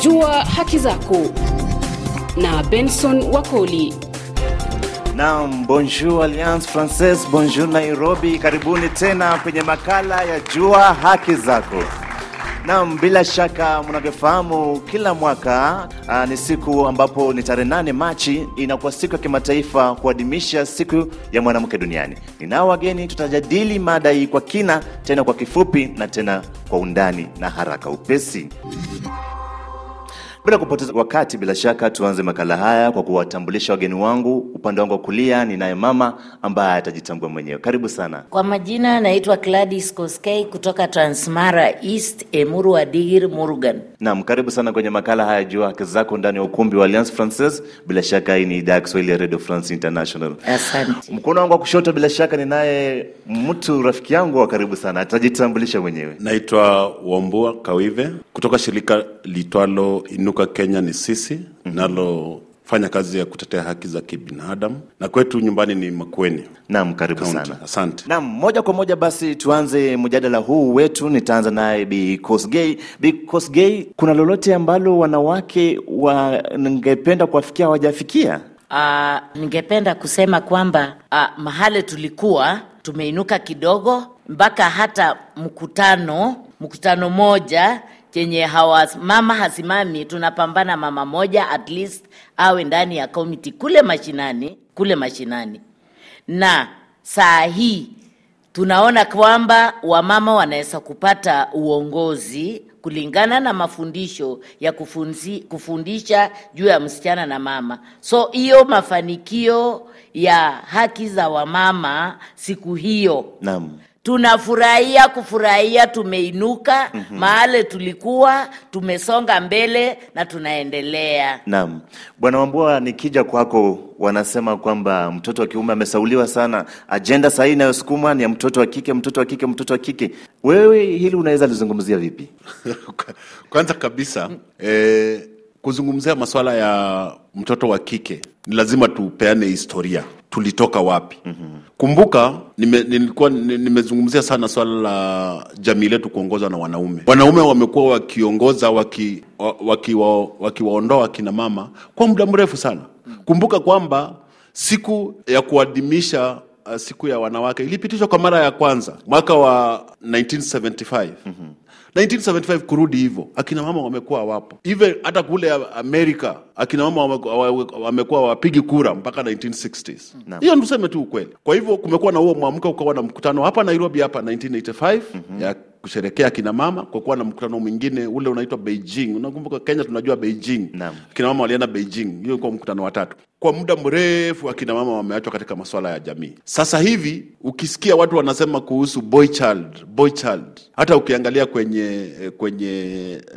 Jua haki zako na Benson Wakoli. Naam, bonjour Alliance Francaise, bonjour Nairobi. Karibuni tena kwenye makala ya Jua haki zako. Naam, bila shaka mnavyofahamu kila mwaka aa, ah, ni siku ambapo ni tarehe nane Machi inakuwa siku ya kimataifa kuadhimisha siku ya mwanamke duniani. Ninao wageni, tutajadili mada hii kwa kina, tena kwa kifupi na tena kwa undani na haraka upesi. Bila kupoteza wakati, bila shaka tuanze makala haya kwa kuwatambulisha wageni wangu. Upande wangu wa kulia ninaye mama ambaye atajitambua mwenyewe. Karibu sana. Kwa majina naitwa Gladys Koskei kutoka Transmara East, Emuru Adigir, Murugan. Naam, karibu sana kwenye makala haya, jua haki zako ndani ya ukumbi wa Alliance Francaise. Bila shaka hii ni idhaa ya Kiswahili ya Radio France International. Asante. Mkono wangu wa kushoto, bila shaka ninaye mtu rafiki yangu wa karibu sana, atajitambulisha mwenyewe. Naitwa Wambua Kawive kutoka shirika litwalo Inu Inuka Kenya ni sisi mhm. nalo fanya kazi ya kutetea haki za kibinadamu na kwetu nyumbani ni makweni Naam, karibu sana. Asante. Naam, moja kwa moja basi tuanze mjadala huu wetu. Nitaanza naye Bi Kosgei. Bi Kosgei, kuna lolote ambalo wanawake wangependa kuwafikia hawajafikia? Uh, ningependa kusema kwamba uh, mahali tulikuwa tumeinuka kidogo mpaka hata mkutano mkutano moja chenye hawas, mama hasimami, tunapambana mama moja at least awe ndani ya komiti kule mashinani, kule mashinani. Na saa hii tunaona kwamba wamama wanaweza kupata uongozi kulingana na mafundisho ya kufunzi, kufundisha juu ya msichana na mama. So hiyo mafanikio ya haki za wamama siku hiyo Naam tunafurahia kufurahia, tumeinuka mm -hmm. mahale tulikuwa, tumesonga mbele na tunaendelea. Naam, Bwana Wambua, nikija kwako, wanasema kwamba mtoto wa kiume amesauliwa sana. Ajenda sahii inayosukuma ni ya mtoto wa kike, mtoto wa kike, mtoto wa kike. Wewe hili unaweza lizungumzia vipi? Kwanza kabisa mm. eh, Kuzungumzia masuala ya mtoto wa kike ni lazima tupeane historia, tulitoka wapi? mm -hmm. Kumbuka nime, nilikuwa nimezungumzia sana swala la jamii letu kuongozwa na wanaume. Wanaume wamekuwa wakiongoza wakiwaondoa waki, waki waki mama kwa muda mrefu sana. mm -hmm. Kumbuka kwamba siku ya kuadhimisha uh, siku ya wanawake ilipitishwa kwa mara ya kwanza mwaka wa 1975. mm -hmm. 1975 kurudi hivyo, akina mama wamekuwa wapo hivyo. hata kule Amerika akina mama wamekuwa wapigi kura mpaka 1960s. Hiyo tuseme tu ukweli. Kwa hivyo kumekuwa na huo mwamko, ukawa na mkutano hapa Nairobi hapa 1985 mm -hmm. ya kusherekea kina mama kwa kuwa na mkutano mwingine ule unaitwa Beijing. Unakumbuka Kenya tunajua Beijing. Naam. Kina mama walienda Beijing, hiyo kwa mkutano wa tatu. Kwa muda mrefu akina mama wameachwa katika masuala ya jamii. Sasa hivi ukisikia watu wanasema kuhusu boy child, boy child, hata ukiangalia kwenye kwenye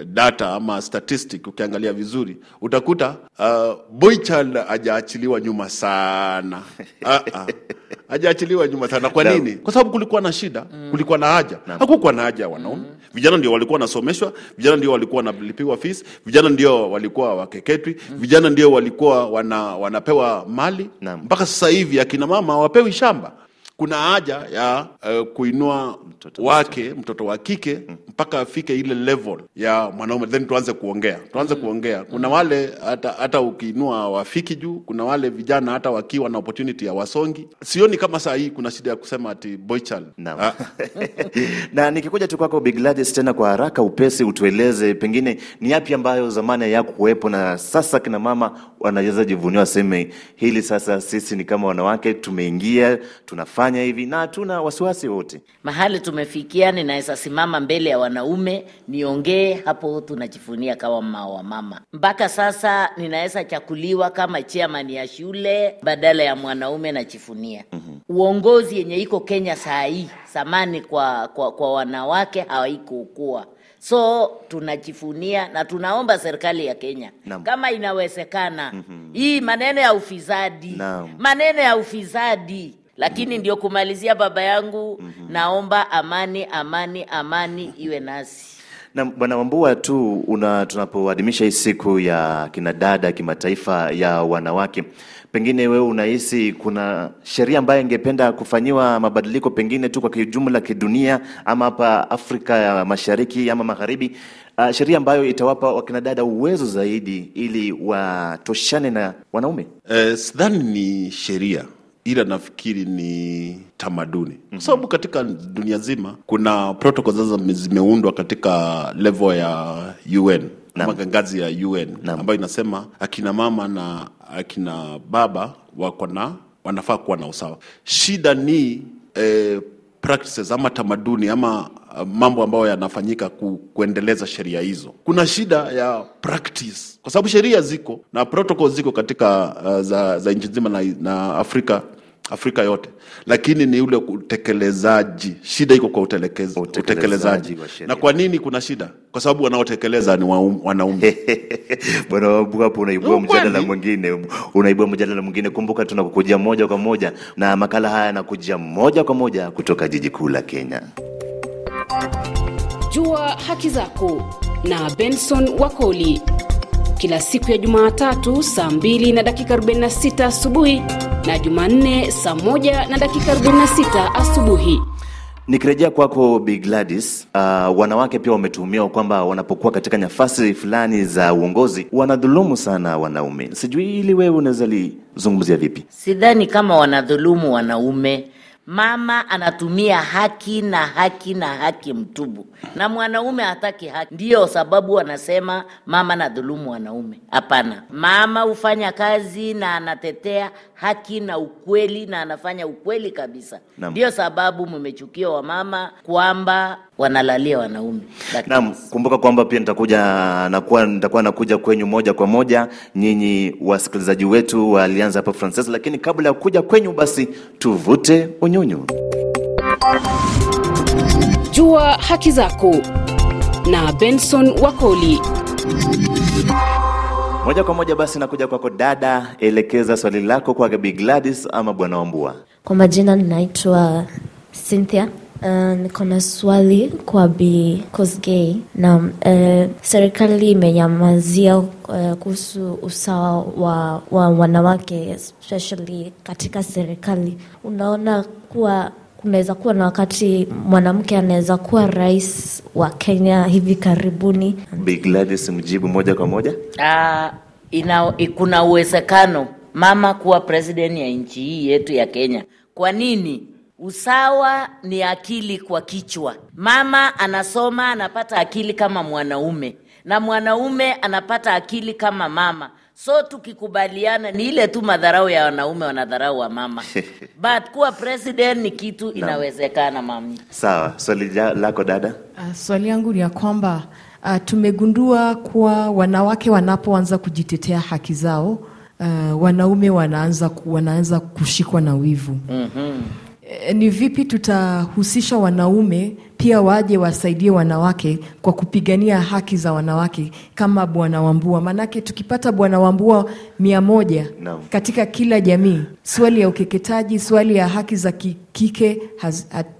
data ama statistic, ukiangalia vizuri utakuta uh, boy child hajaachiliwa nyuma sana. uh -uh hajaachiliwa nyuma sana. Kwa nini? Kwa sababu kulikuwa na shida mm. kulikuwa na haja hakukuwa na haja ya wanaume mm. vijana ndio walikuwa wanasomeshwa, vijana ndio walikuwa wanalipiwa fees, vijana ndio walikuwa wakeketwi mm. vijana ndio walikuwa wana, wanapewa mali mpaka sasa hivi akina mama hawapewi shamba kuna haja ya uh, kuinua mtoto wake mtoto, mtoto wa kike hmm. mpaka afike ile level ya mwanaume, then tuanze kuongea tuanze hmm. kuongea. Hmm. Kuna wale hata, hata ukiinua wafiki juu, kuna wale vijana hata wakiwa na opportunity ya wasongi. Sioni kama saa hii kuna shida ya kusema ati boy child na, ah. na nikikuja tu kwako Big Gladys, tena kwa haraka upesi, utueleze pengine ni yapi ambayo zamani kuwepo na sasa kina mama wanaweza jivunia, waseme hili sasa, sisi ni kama wanawake tumeingia tunafanya kufanya hivi, na hatuna wasiwasi wote. Mahali tumefikia, ninaweza simama mbele ya wanaume niongee hapo, tunajifunia kama mao wa mama. Mpaka sasa ninaweza chakuliwa kama chairman ya shule badala ya mwanaume najifunia. mm-hmm. Uongozi yenye iko Kenya saa hii, samani kwa, kwa, kwa wanawake hawaikuukua so tunajifunia na tunaomba serikali ya Kenya Naam. kama inawezekana mm -hmm. hii maneno ya ufisadi Naam. maneno ya ufisadi lakini ndio kumalizia baba yangu mm -hmm. Naomba amani, amani, amani iwe nasi. Na Bwana Wambua tu una, tunapoadhimisha hii siku ya kinadada kimataifa ya wanawake, pengine wewe unahisi kuna sheria ambayo ingependa kufanyiwa mabadiliko, pengine tu kwa kijumla kidunia, ama hapa Afrika ya Mashariki ama Magharibi, uh, sheria ambayo itawapa wakinadada uwezo zaidi ili watoshane na wanaume? Eh, sidhani ni sheria ila nafikiri ni tamaduni mm-hmm. Sababu katika dunia zima kuna protocol zaza zimeundwa katika level ya UN ngazi ya UN ambayo inasema akina mama na akina baba wako na wanafaa kuwa na usawa. Shida ni eh, practices ama tamaduni ama uh, mambo ambayo yanafanyika ku, kuendeleza sheria hizo. Kuna shida ya practice, kwa sababu sheria ziko na protocol ziko katika uh, za, za nchi nzima na, na Afrika Afrika yote, lakini ni ule utekelezaji. Shida iko kwa utelekeza, utekelezaji. Na kwa nini kuna shida? Kwa sababu wanaotekeleza ni um, wanaume. Bwana Wabu, hapo unaibua mjadala mwingine, unaibua mjadala mwingine. Kumbuka tunakukujia moja kwa moja na makala haya yanakujia moja kwa moja kutoka jiji kuu la Kenya. Jua haki zako na Benson Wakoli kila siku ya Jumatatu saa 2 na dakika 46 asubuhi na Jumanne saa 1 na dakika 46 asubuhi. Nikirejea kwako Bi Gladys, uh, wanawake pia wametuhumiwa kwamba wanapokuwa katika nafasi fulani za uongozi wanadhulumu sana wanaume. Sijui ili wewe unaweza lizungumzia vipi? Sidhani kama wanadhulumu wanaume Mama anatumia haki na haki na haki mtubu, na mwanaume hataki haki. Ndiyo sababu wanasema mama na dhulumu wanaume. Hapana, mama hufanya kazi na anatetea haki na ukweli, na anafanya ukweli kabisa. Ndiyo sababu mmechukia wa mama kwamba wanalalia wanaume. Naam, kumbuka kwamba pia nitakuja nakuwa nitakuwa nakuja kwenyu moja kwa moja, nyinyi wasikilizaji wetu wa Alianza hapa Frances, lakini kabla ya kuja kwenyu, basi tuvute unyunyu. Jua haki zako na Benson Wakoli. Moja kwa moja basi nakuja kwako dada, elekeza swali lako kwa Gladys ama Bwana Wambua. Kwa majina ninaitwa Cynthia Eh, niko na swali kwa Bi Kosgei na uh, serikali imenyamazia uh, kuhusu usawa wa, wa wanawake especially katika serikali. Unaona kuwa kunaweza kuwa na wakati mwanamke anaweza kuwa rais wa Kenya hivi karibuni? Bi Gladys, mjibu moja kwa moja. Uh, ina, kuna uwezekano mama kuwa president ya nchi hii yetu ya Kenya. Kwa nini? Usawa ni akili kwa kichwa. Mama anasoma anapata akili kama mwanaume na mwanaume anapata akili kama mama. So tukikubaliana ni ile tu madharau ya wanaume wanadharau wa mama but kuwa president ni kitu inawezekana. Mami, sawa. Swali lako dada. Uh, swali yangu ni ya kwamba uh, tumegundua kuwa wanawake wanapoanza kujitetea haki zao, uh, wanaume wanaanza, wanaanza kushikwa na wivu. mm-hmm. Eh, ni vipi tutahusisha wanaume pia waje wasaidie wanawake kwa kupigania haki za wanawake kama Bwana Wambua. Maanake tukipata Bwana Wambua mia moja no. katika kila jamii, swali ya ukeketaji, swali ya haki za kike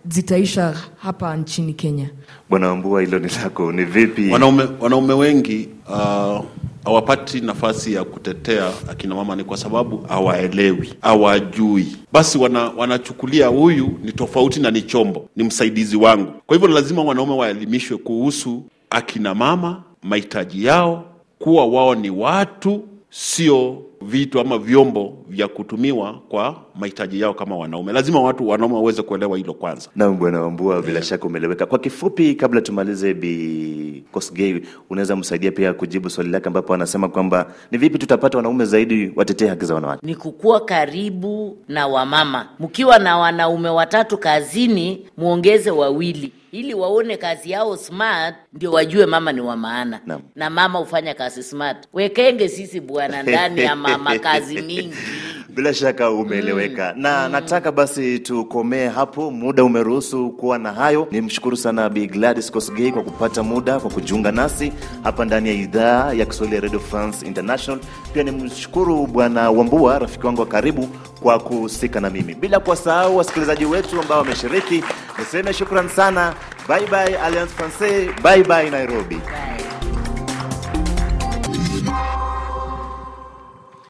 zitaisha hapa nchini Kenya. Bwana Wambua, hilo ni lako. Ni vipi wanaume, wanaume wengi uh hawapati nafasi ya kutetea akina mama ni kwa sababu hawaelewi, hawajui. Basi wana, wanachukulia huyu ni tofauti na ni chombo, ni msaidizi wangu. Kwa hivyo lazima wanaume waelimishwe kuhusu akina mama, mahitaji yao, kuwa wao ni watu, sio vitu ama vyombo vya kutumiwa kwa mahitaji yao kama wanaume. Lazima watu wanaume waweze kuelewa hilo kwanza. na Bwana Wambua, bila yeah, shaka umeeleweka. Kwa kifupi, kabla tumalize, Bi Kosgei, unaweza msaidia pia kujibu swali lake ambapo anasema kwamba ni vipi tutapata wanaume zaidi watetee haki za wanawake? Ni kukuwa karibu na wamama. Mkiwa na wanaume watatu kazini, mwongeze wawili ili waone kazi yao smart, ndio wajue mama ni wa maana na, na mama hufanya kazi smart. Wekenge sisi bwana ndani ya na makazi mingi. Bila shaka umeeleweka mm. na mm. nataka basi tukomee hapo, muda umeruhusu kuwa na hayo. Nimshukuru sana Bi Gladys Kosgei kwa kupata muda kwa kujiunga nasi hapa ndani ya idhaa ya Kiswahili ya Radio France International. Pia nimshukuru Bwana Wambua, rafiki wangu wa karibu, kwa kuhusika na mimi, bila kuwasahau wasikilizaji wetu ambao wameshiriki. Niseme shukran sana. Bye bye Alliance Nairobi, bye.